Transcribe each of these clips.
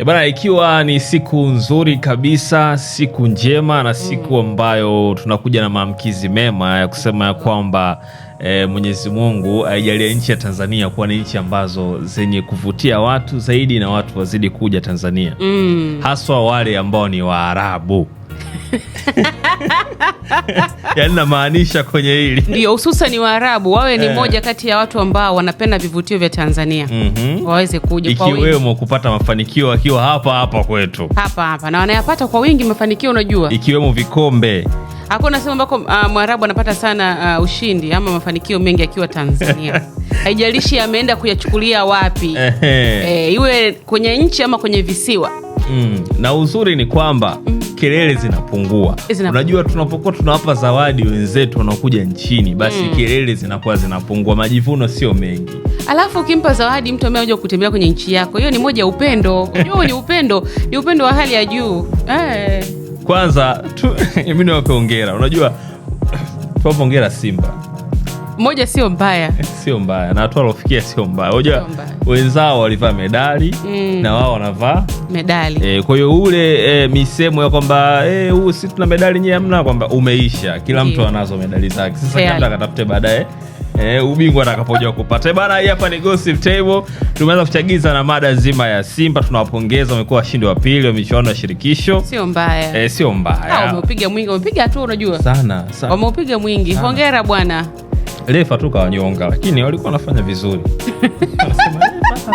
E bana, ikiwa ni siku nzuri kabisa, siku njema na mm. siku ambayo tunakuja na maamkizi mema ya kusema ya kwamba e, Mwenyezi Mungu aijalie nchi ya Tanzania kuwa ni nchi ambazo zenye kuvutia watu zaidi na watu wazidi kuja Tanzania mm. haswa wale ambao ni Waarabu yaani namaanisha kwenye hili ndio, hususan Waarabu wawe ni eh, moja kati ya watu ambao wanapenda vivutio vya Tanzania mm -hmm. waweze kuja ikiwemo kupata mafanikio akiwa hapa hapa kwetu hapa hapa, na wanayapata kwa wingi mafanikio, unajua ikiwemo vikombe Hakuna sehemu ambako uh, Mwarabu anapata sana uh, ushindi ama mafanikio mengi akiwa Tanzania. Haijalishi ameenda kuyachukulia wapi e, iwe kwenye nchi ama kwenye visiwa mm. Na uzuri ni kwamba mm kelele zinapungua. Unajua, tunapokuwa tunawapa zawadi wenzetu wanaokuja nchini, basi mm. kelele zinakuwa zinapungua, majivuno sio mengi. Alafu ukimpa zawadi mtu ambaye anakuja kutembea kwenye nchi yako, hiyo ni moja ya upendo. Unajua ni upendo, ni upendo wa hali ya juu eh. Kwanza tu mimi niwape hongera, unajua tuwape hongera Simba moja sio mbaya, sio mbaya, na watu walofikia sio mbaya. Unajua wenzao walivaa medali mm. na wao wanavaa medali e, kwa hiyo ule e, misemo ya kwamba e, huu si tuna medali nyewe hamna, kwamba umeisha, kila mtu anazo medali zake. Sasa kila mtu akatafute baadaye E, ubingwa atakapojua kupata bana. Hii hapa ni Gossip Table, tumeanza kuchagiza na mada nzima ya Simba. Tunawapongeza, wamekuwa washindi wa pili wa michuano ya shirikisho, sio mbaya e, sio mbaya. Wameupiga ah, mwingi, wamepiga tu, unajua sana sana, wameupiga mwingi. Hongera bwana refa tu kawanyonga, lakini walikuwa wanafanya vizuri eh,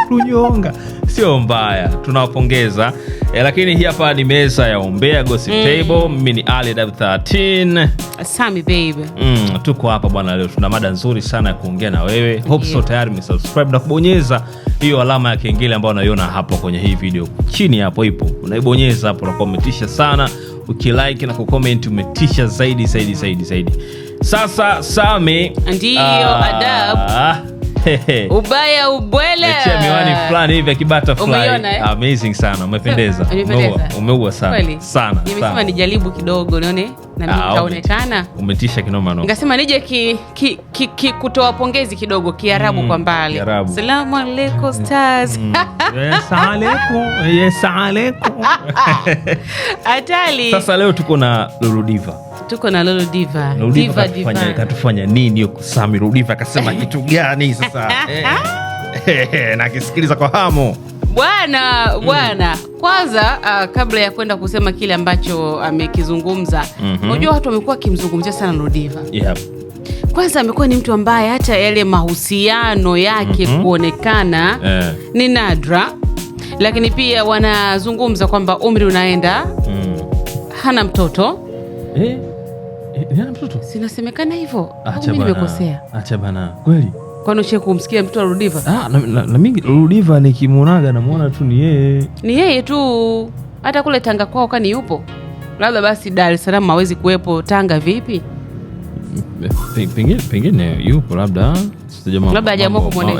tunyonga sio mbaya, tunawapongeza e. Lakini hii hapa ni meza ya umbea gossip mm. table. Mimi ni Ali W13 Sami mm, tuko hapa bwana. Leo tuna mada nzuri sana ya kuongea na wewe hope yeah. So tayari umesubscribe na kubonyeza hiyo alama ya kengele ambayo unaiona hapo kwenye hii video chini, hapo ipo, unaibonyeza hapo, unakuwa umetisha sana ukilike na kukomenti, umetisha zaidi zaidi zaidi zaidi. Sasa Sami, ndiyo ah. adab ubaya ubwela, letea miwani fulani hivi akibata kibata eh? Amazing sana, umependeza, umeua sana sana. Nimesema nijaribu kidogo nione na mimi ah, nikaonekana. Umetisha kinoma noma. Ngasema nije ki, ki, ki, ki kutoa pongezi kidogo Kiarabu mm, kwa mbali. Salamu alaykum mm, stars. Yes mm. eh, alaykum. Yes eh, alaykum. Atali. Sasa leo tuko na Lulu tuko na Lulu Diva. Diva katufanya nini huko Sami? Lulu Diva akasema kitu gani sasa? Eh, na kwa hamu bwana mm. bwana mm. Kwanza uh, kabla ya kwenda kusema kile ambacho amekizungumza mm -hmm. watu wamekuwa wakimzungumzia sana Lulu Diva yep. Kwanza amekuwa ni mtu ambaye hata yale mahusiano yake mm -hmm. kuonekana yeah. ni nadra, lakini pia wanazungumza kwamba umri unaenda mm. hana mtoto eh? Diana eh, mtoto? Sinasemekana hivyo. Acha bana. Nimekosea. Acha bana. Kweli? Kwani ushe kumsikia mtu wa Rudiva? Ah, na, na, na mimi Rudiva nikimuonaga namuona tu ni yeye. Ni yeye tu. Hata kule Tanga kwao kani yupo. Labda basi Dar es Salaam hawezi kuwepo. Tanga vipi? pengine pengine yupo labda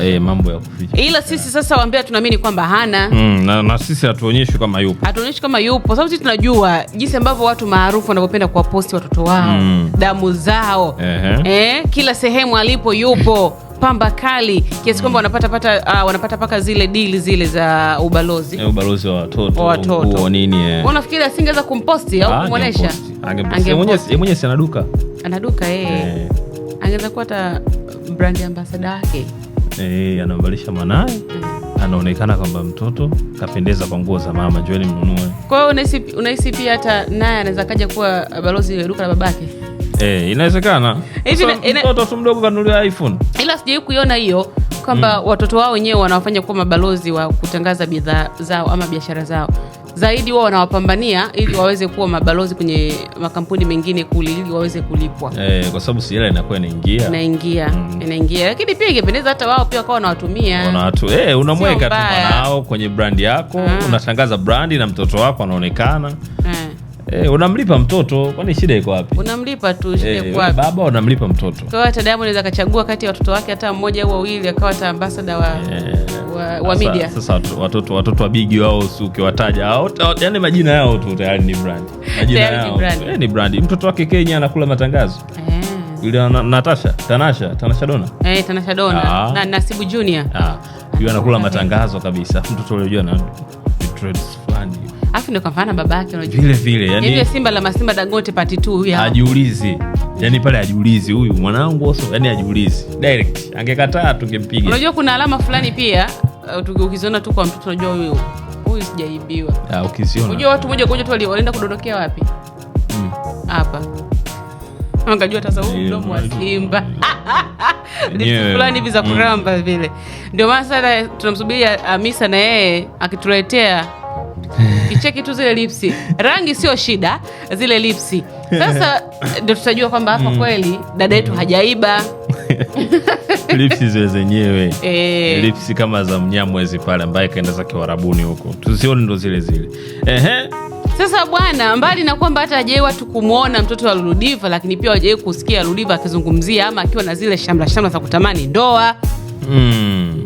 eh, mambo ya kuficha, ila sisi sasa waambia tunaamini kwamba hana mm, na, na sisi hatuonyeshi kama yupo, hatuonyeshi kama yupo sababu sisi tunajua jinsi ambavyo watu maarufu wanavyopenda kuwaposti watoto wao mm. damu zao eh, kila sehemu alipo yupo pamba kali kiasi kwamba wanapata pata uh, wanapata paka zile dili zile za ubalozi e, ubalozi wa watoto watoto nini, eh. Unafikiri asingeweza kumposti au ah, kumwonesha? Angemposti mwenyewe, si ana duka ana duka yeye eh. eh. Angeweza kuwa hata brand ambasada wake eh, anamvalisha mwanaye mm. Anaonekana kwamba mtoto kapendeza kwa nguo za mama, njoeni mnunue. Kwa hiyo unahisi pia hata naye anaweza kaja kuwa balozi ile duka la babake eh, inawezekana. Mtoto tu mdogo kanunulia iPhone, ila sijai kuiona hiyo kwamba mm. watoto wao wenyewe wanawafanya kuwa mabalozi wa kutangaza bidhaa zao ama biashara zao zaidi wao wanawapambania ili waweze kuwa mabalozi kwenye makampuni mengine kule ili waweze kulipwa eh, kwa sababu si inakuwa inaingia inaingia mm. inaingia lakini pia ingependeza hata wao pia wakawa wanawatumia wanawatu eh, unamweka tu mwanao kwenye brandi yako ah. unatangaza brandi na mtoto wako anaonekana ah. Eh, unamlipa mtoto, kwani shida iko wapi? Unamlipa tu, shida eh, iko wapi? Baba unamlipa mtoto. Kwa hiyo hata Diamond anaweza akachagua kati ya watoto wake hata mmoja au wawili akawa ta ambassador wa eh, wa, wa media. Sasa watoto watoto wa bigi wao si ukiwataja yaani majina yao tu tayari ni brand. Majina yao eh, ni brand. brand. Mtoto wake Kenya anakula matangazo. Eh. Yule Natasha, Tanasha, Tanasha Dona. Eh, Tanasha Dona. Ah. Na Nasibu Junior. Ah. Yule anakula ah. matangazo kabisa. Mtoto yule unajua na afu baba yake, vile vile, yani Simba la Masimba Dangote pati tu huyu yani pale hajiulizi huyu mwanangu oso, yani direct, angekataa tungempiga. Unajua kuna alama fulani pia uh, ukiziona tu kwa mtoto unajua huyu huyu sijaibiwa. Ah, ukiziona unajua watu moja kwa moja tu walienda kudondokea wapi? Hmm. Hapa sasa, huu mdomo wa Simba fulani hivi za hmm. kuramba vile. Ndio maana sasa tunamsubiria amisa na yeye akituletea Kicheki tu zile lipsi, rangi sio shida, zile lipsi. Sasa ndo tutajua kwamba hapa mm. kweli dada yetu mm. hajaiba. Lipsi zile zenyewe e, lipsi kama za mnyamwezi pale ambaye kaenda zake warabuni huko, tusioni ndo zile zile. Ehe. Sasa bwana, mbali na kwamba hata hajai watu kumwona mtoto wa Ludiva, lakini pia hajawahi kusikia Ludiva akizungumzia ama akiwa na zile shamla shamla za kutamani ndoa mm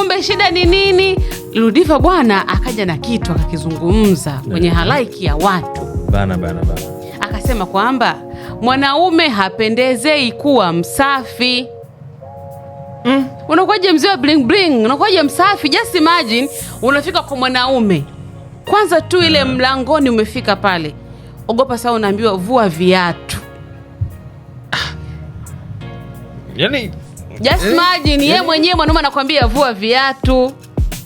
kumbe shida ni nini? Ludiva bwana akaja na kitu akakizungumza kwenye halaiki ya watu bana, bana, bana. Akasema kwamba mwanaume hapendezei kuwa msafi mm. Unakuwaje mzee wa bling bling, unakuwaje msafi? Just imagine unafika kwa mwanaume kwanza tu ile mm. mlangoni umefika pale, ogopa saa unaambiwa vua viatu. Ah. Yani Just eh? imagine yeye eh? mwenyewe mwanaume anakwambia vua viatu.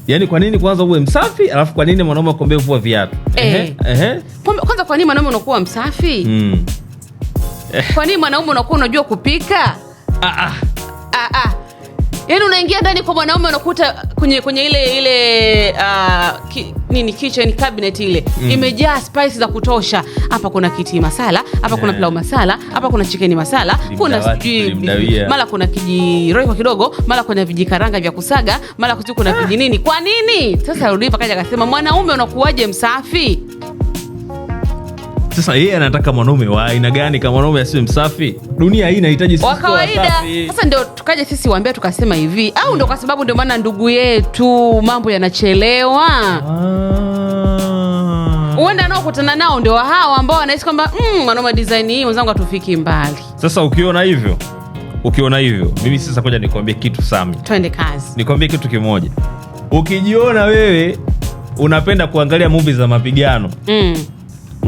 Yaani kwa nini kwanza uwe msafi alafu kwa nini mwanaume akwambie vua viatu? Eh. Eh. Kwanza kwa nini mwanaume unakuwa msafi? Mm. Kwa nini mwanaume unakuwa unajua kupika? Ah ah yani unaingia ndani kwa mwanaume unakuta kwenye kwenye ile ile uh, ki, nini kitchen cabinet ile mm. imejaa spice za kutosha. Hapa kuna kiti masala, hapa yeah. kuna pilau masala, hapa kuna chicken masala, kuna sijui mala kuna kijiroiko kidogo, mala kuna vijikaranga vya kusaga, mala kuna ah. vijinini. Kwa nini sasa? rudipa kaja akasema, mwanaume unakuwaje msafi sasa yeye anataka mwanaume wa aina gani? Kama mwanaume asiwe msafi, dunia hii inahitaji wa kawaida. Sasa ndio tukaja sisi waambia, tukasema hivi au hmm. Ndio kwa sababu ndio maana ndugu yetu mambo yanachelewa ah. huenda ah. Anaokutana nao ndio hao ambao wanahisi kwamba mm, mwanaume mm, design hii mwenzangu hatufiki mbali. Sasa ukiona hivyo ukiona hivyo, mimi sasa koja nikwambie kitu Sami, twende kazi. Nikwambie kitu kimoja, ukijiona wewe unapenda kuangalia movie za mapigano mm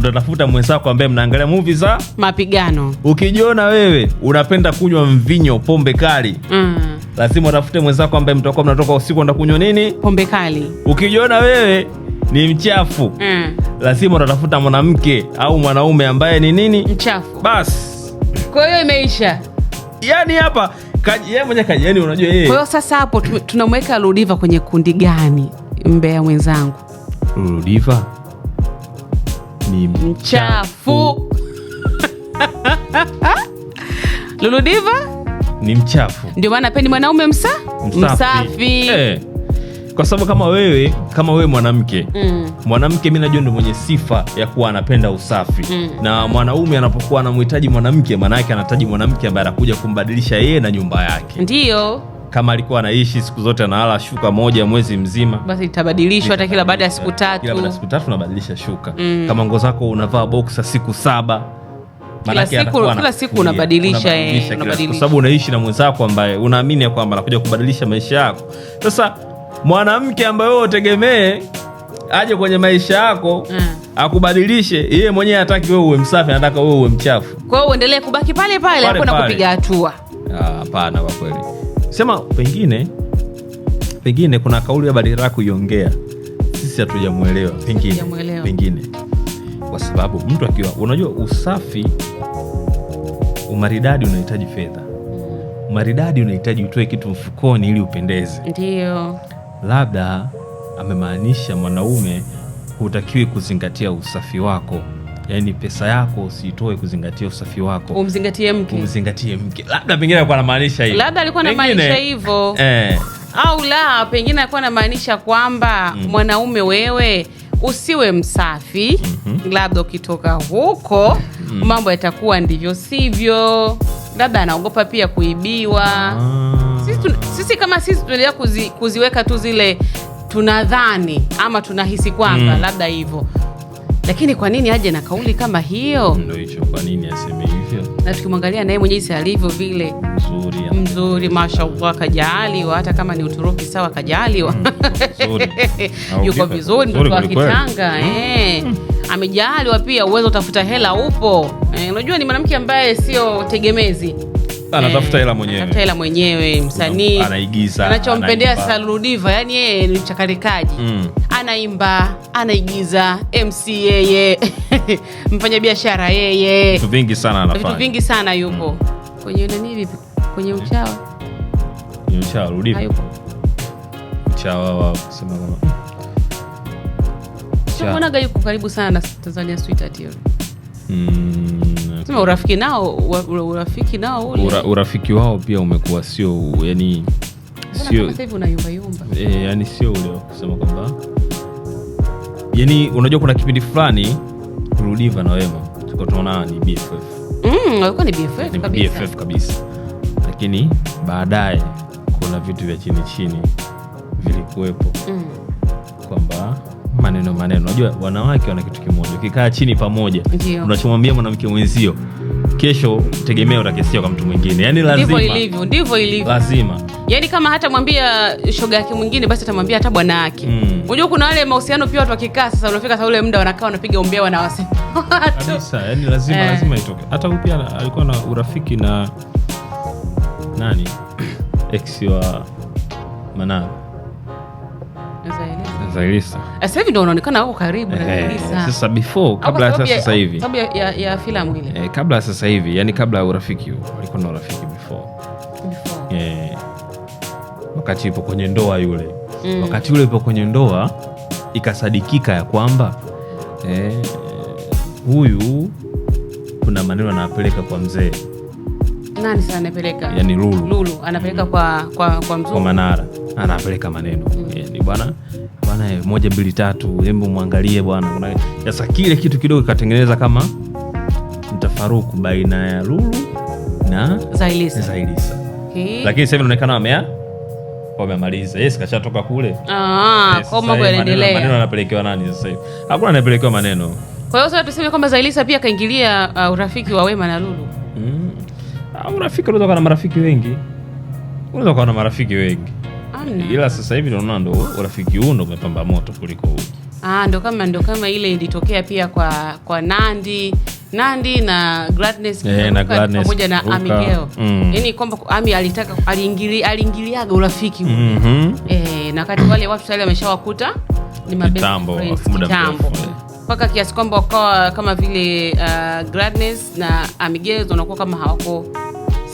utatafuta mwenzako ambaye mnaangalia muvi za mapigano. Ukijiona wewe unapenda kunywa mvinyo, pombe kali mm. lazima utafute mwenzako ambaye mtakuwa mnatoka usiku enda kunywa nini, pombe kali. Ukijiona wewe ni mchafu mm. lazima utatafuta mwanamke au mwanaume ambaye ni nini, mchafu. Basi kwa hiyo imeisha. Yani hapa yeye mwenye kaji, yani unajua yeye. Kwa hiyo sasa hapo tunamweka Ludiva kwenye kundi gani, mbea mwenzangu Ludiva? ni mchafu. Luludiva ni mchafu, ndio maana ni mwanaume msa msafi, Eh, kwa sababu kama wewe kama wewe mwanamke mm. Mwanamke mi najua ndi mwenye sifa ya kuwa anapenda usafi mm. Na mwanaume anapokuwa anamhitaji mwanamke, maana yake anahitaji mwanamke ambaye anakuja kumbadilisha yeye na nyumba yake, ndio kama alikuwa anaishi siku zote analala shuka moja mwezi mzima, basi itabadilishwa hata kila baada ya siku tatu, kila baada ya siku tatu unabadilisha shuka mm. Kama nguo zako unavaa boxer siku saba kila siku, eh, kila siku unabadilisha eh, kwa sababu unaishi na mwenzako ambaye unaamini ya kwamba anakuja kubadilisha maisha yako. Sasa mwanamke ambaye wewe utegemee aje kwenye maisha yako mm. akubadilishe, yeye mwenyewe hataki wewe uwe msafi, anataka wewe uwe mchafu. Kwa hiyo uendelee kubaki pale pale, hakuna kupiga hatua. Ah, hapana, kwa kweli sema pengine pengine kuna kauli ya Badilila kuiongea sisi hatujamwelewa, pengine pengine kwa sababu mtu akiwa, unajua usafi, umaridadi unahitaji fedha, umaridadi unahitaji utoe kitu mfukoni ili upendeze. Ndio labda amemaanisha mwanaume, hutakiwi kuzingatia usafi wako yani pesa yako usitoe kuzingatia usafi wako, umzingatie mke, umzingatie mke. Labda pengine alikuwa anamaanisha hivyo, labda alikuwa anamaanisha hivyo eh, au la pengine alikuwa anamaanisha kwamba mm. mwanaume wewe usiwe msafi mm -hmm. labda ukitoka huko mm. mambo yatakuwa ndivyo sivyo, labda anaogopa pia kuibiwa. ah. sisi, tun, sisi kama sisi tunaendelea kuzi, kuziweka tu zile tunadhani ama tunahisi kwamba mm. labda hivyo lakini kwa nini aje na kauli kama hiyo? Ndio hicho, kwa nini aseme hivyo? Na tukimwangalia naye mwenyewe jinsi alivyo vile mzuri, mzuri mashallah, kajaaliwa hata kama ni Uturuki sawa, kajaaliwa mm, yuko vizuri, mtoto wa kitanga mm. eh amejaaliwa pia, uwezo utafuta hela upo. Eh, unajua eh, ni mwanamke ambaye sio tegemezi Eh, anatafuta hela mwenyewe, anatafuta hela mwenyewe. Msanii anaigiza, anachompendea Saludiva, yani yeye ni mchakarikaji mm. Anaimba, anaigiza, MC yeye mfanya biashara yeye, vitu vingi sana anafanya, vitu vingi sana yupo mm. kwenye nani vipi, kwenye mm. kwenye uchawi hayupo Ludiva wa kusema kama Mwanaga yuko karibu sana na Tanzania Sweet Atiro. Mm sema urafiki nao urafiki nao ura, urafiki wao pia umekuwa sio yani sio sasa hivi e, yani sio ule kusema kwamba yani unajua kuna kipindi fulani Rudiva na Wema tulikuwa tunaona ni BFF mm, alikuwa ni BFF ni kabisa. BFF kabisa lakini baadaye kuna vitu vya chini chini vilikuwepo mm. kwamba maneno maneno. Unajua wanawake wana kitu kimoja, ukikaa chini pamoja, unachomwambia mwanamke mwenzio, kesho tegemea utakisia kwa mtu mwingine. Yani lazima ndivyo ilivyo, ndivyo ilivyo, lazima yani kama hata mwambia shoga yake mwingine, basi atamwambia hata bwana yake. Mm. Unajua mm. kuna wale mahusiano pia watu wakikaa sasa, unafika sa ule muda wanakaa wanapiga umbea wanawasi kabisa yani lazima eh, lazima itoke. Hata huyu pia alikuwa na urafiki na nani ex wa Manara Zailisa. Eh, sasa hivi ndio unaonekana wako karibu na Zailisa. Eh, eh, sasa before kabla hata sasa hivi. Sababu ya ya filamu ile. Eh, kabla sasa hivi, yani kabla ya urafiki huo, alikuwa na urafiki before. Before. Eh. Wakati ipo kwenye ndoa yule. Mm. Wakati yule ipo kwenye ndoa ikasadikika ya kwamba eh, huyu kuna maneno anapeleka kwa mzee. Nani sana anapeleka? Yaani Lulu. Lulu anapeleka mm. kwa kwa kwa mzungu. Kwa Manara anapeleka maneno mm. Yani, bwana bwana, moja mbili tatu, hebu mwangalie bwana. Sasa kile kitu kidogo ikatengeneza kama mtafaruku baina ya Lulu na Zailisa, Zailisa. Okay. Lakini sasa inaonekana wamea ah, wamemaliza. Yes, kashatoka kule. Ah, Maneno yanapelekewa nani sasa hivi? Hakuna anapelekewa maneno. Kwa hiyo sasa tuseme kwamba Zailisa pia akaingilia uh, urafiki wa Wema na Lulu. Mm. Uh, urafiki unaweza kuwa na marafiki wengi. Unaweza kuwa na marafiki wengi. Ila sasa hivi unaona ndo urafiki huu ndo umepamba moto kuliko huu. Ah, ndo kama ndo kama ile ilitokea pia kwa kwa Nandi Nandi na Gladness eh, pamoja na Ami Geo. Mm. Yaani kwamba Ami alitaka aliingilia aliingiliaga urafiki Mm -hmm. Eh, na wakati wale watu wale wameshawakuta ni mabetambo mpaka kiasi kwamba wakawa kama vile uh, Gladness na Amigeo wanakuwa kama hawako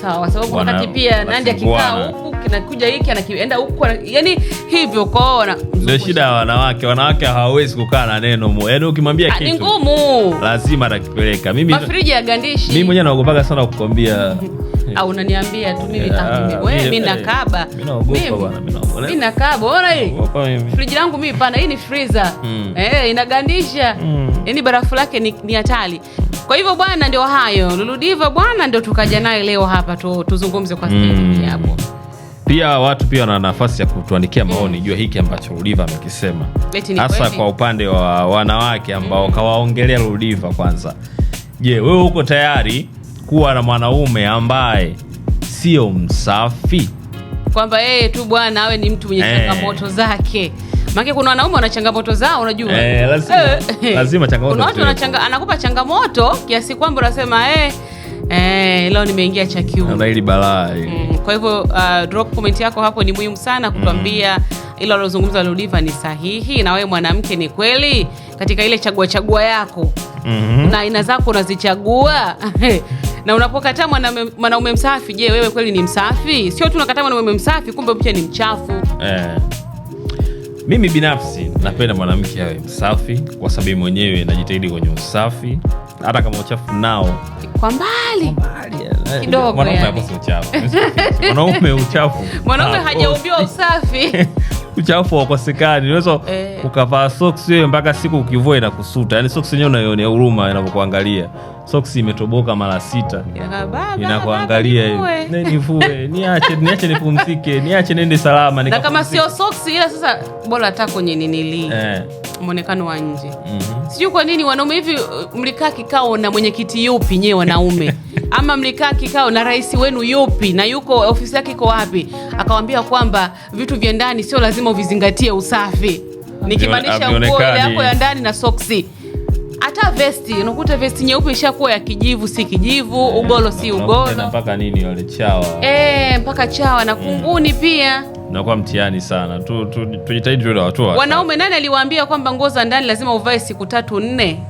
sawa, kwa sababu wakati pia Nandi akikaa huku kinakuja hiki anakienda huko, yani hivyo kwao. Ndio shida ya wanawake, wanawake hawawezi kukaa na neno, yani ukimwambia ah, kitu ni ngumu, lazima atakipeleka. Mimi mafriji ya gandishi, mimi mwenyewe naogopaga sana kukwambia au ah, unaniambia tu mimi wewe, mimi eh, nakaba, mimi naogopa bwana, mimi nakaba. Ona hii friji langu mimi pana, hii ni freezer mm. Eh, inagandisha mm. Yani barafu lake ni hatari. Kwa hivyo bwana, ndio hayo Luludiva bwana, ndio tukaja naye leo hapa tu, tuzungumze kwa mm. hapo pia watu pia wana nafasi ya kutuandikia maoni mm. jua hiki ambacho Ruliva amekisema, hasa kwa upande wa wanawake ambao mm. kawaongelea Ruliva kwanza. Je, wewe uko tayari kuwa na mwanaume ambaye sio msafi, kwamba yeye tu bwana awe ni mtu mwenye hey. Eh. changamoto zake maana kuna wanaume wana changamoto zao, unajua eh, lazima, eh. lazima changamoto. Kuna watu changamoto kiasi kwamba unasema eh hey, eh, leo nimeingia cha kiume na ile balaa mm. Kwa hivyo uh, drop comment yako hapo ni muhimu sana kutuambia mm. Mm-hmm. ile alozungumza Ludiva ni sahihi, na wewe mwanamke, ni kweli katika ile chagua chagua yako mm -hmm. na aina zako unazichagua na unapokataa mwanaume msafi, je, wewe kweli ni msafi? Sio tu unakataa mwanaume msafi, kumbe mke ni mchafu eh. Mimi binafsi napenda mwanamke awe msafi, kwa sababu mwenyewe najitahidi kwenye usafi hata kama uchafu nao kwa mbali eh, eh, Mwanaume uchafu, mwanaume hajaumbiwa usafi uchafu wakosekani. Unaweza eh, ukavaa soksi wewe mpaka siku ukivua inakusuta, yaani soksi enyewe unaionea huruma inavyokuangalia. Soksi imetoboka mara sita inakuangalia hivi, nivue, niache, niache nipumzike, niache nende salama. Na kama sio soksi, ila sasa bora hata kwenye ninilii eh muonekano wa nje mm -hmm. Sijui kwa nini wanaume hivi uh, mlikaa kikao na mwenyekiti yupi nyewe wanaume ama mlikaa kikao na rais wenu yupi na yuko ofisi yake iko wapi, akawambia kwamba vitu vya ndani sio lazima uvizingatie usafi, nikimaanisha nguo ile yako ya ndani na soksi hata vesti unakuta vesti nyeupe ishakuwa ya kijivu, si kijivu, eh, ugolo si ugolo, mpaka nini wale chawa, e, mpaka chawa na mm. kunguni pia nakuwa mtihani sana. Tujitahidi tu, tu, watu wanaume. Nani aliwaambia kwamba nguo za ndani lazima uvae siku tatu nne?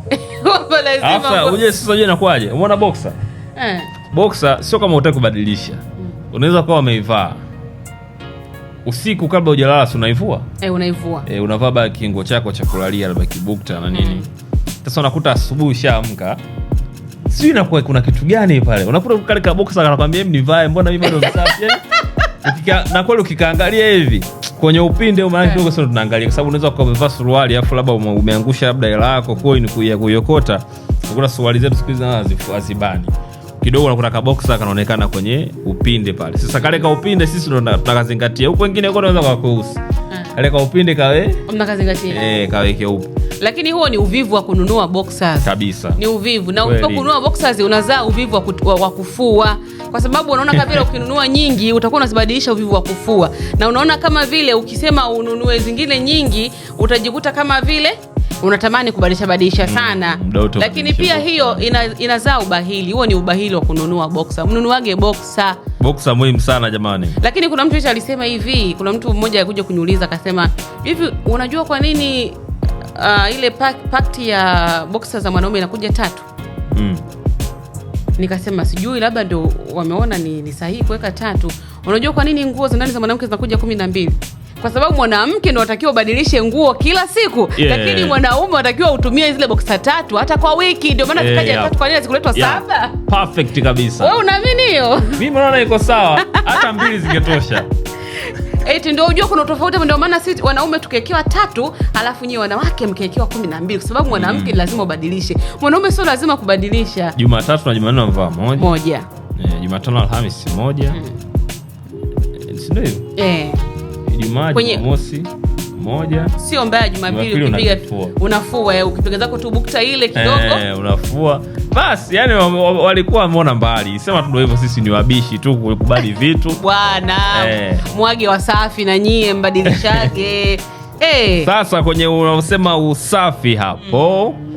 Sasa Uje sasa, uje nakuaje? Umeona boksa eh? Boksa sio kama utaki kubadilisha, mm. unaweza kuwa umeivaa usiku kabla hujalala, si unaivua eh, unaivua eh, unavaa baa kingo chako cha kulalia, labda kibukta na nini. Mm. Sasa mm. unakuta asubuhi ushaamka sijui inakuwa kuna kitu gani pale, unakuta kale kaboksa kanakwambia nivae, mbona mimi bado msafi na kweli ukikaangalia hivi kwenye upinde maana eh. kidogo sana tunaangalia, kwa sababu unaweza kuwa umevaa suruali afu labda umeangusha labda hela yako coin kuya kuiokota. Kuna suruali zetu siku hizi hazibani kidogo, na kuna kaboksa kanaonekana kwenye upinde pale. Sasa kale ka upinde sisi ndo tunakazingatia, huko wengine huko wanaweza kwa kuhusu eh. kale ka upinde kawe mnakazingatia eh, kawe keupe lakini huo ni uvivu wa kununua boxers kabisa, ni uvivu na ukipo kununua boxers unazaa uvivu wa, wa kufua kwa sababu unaona kama vile ukinunua nyingi utakuwa unazibadilisha uvivu wa kufua, na unaona kama vile ukisema ununue zingine nyingi utajikuta kama vile unatamani kubadilisha badilisha mm, sana mm, lakini pia boxa. Hiyo ina, inazaa ubahili. Huo ni ubahili wa kununua boksa. Mnunuage boksa, boksa muhimu sana jamani. Lakini kuna mtu alisema hivi, kuna mtu mmoja alikuja kuniuliza akasema hivi, unajua kwa nini uh, ile pakti ya boksa za mwanaume inakuja tatu mm nikasema sijui labda ndo wameona ni, ni sahihi kuweka tatu. Unajua kwa nini nguo za ndani za mwanamke zinakuja kumi na mbili? Kwa sababu mwanamke ndo watakiwa ubadilishe nguo kila siku yeah. Lakini mwanaume watakiwa utumie zile boksa tatu hata kwa wiki, ndio maana zikaja yeah. tatu kwa nini zikuletwa yeah. saba? Perfect kabisa. Wewe unaamini hiyo? Mimi naona iko sawa, hata mbili zingetosha. Eti ndio ujue kuna tofauti, ndio maana sisi wanaume tukiwekewa tatu, alafu nyie wanawake mkiwekewa kumi na mbili, kwa sababu mm. mwanamke mm, lazima ubadilishe. Mwanaume sio lazima kubadilisha. Jumatatu na Jumanne mvaa moja moja, eh, Jumatano Alhamisi moja, mm. eh, si hivyo eh, Ijumaa Jumamosi moja, sio mbaya. Jumapili ukipiga unafua, eh, ukipiga zako tu bukta ile kidogo eh, unafua basi. Yani walikuwa wameona mbali, sema tu ndio hivyo, sisi ni wabishi tu kukubali vitu bwana eh. Mwage wasafi na nyie mbadilishage eh. Sasa kwenye unaosema usafi hapo mm.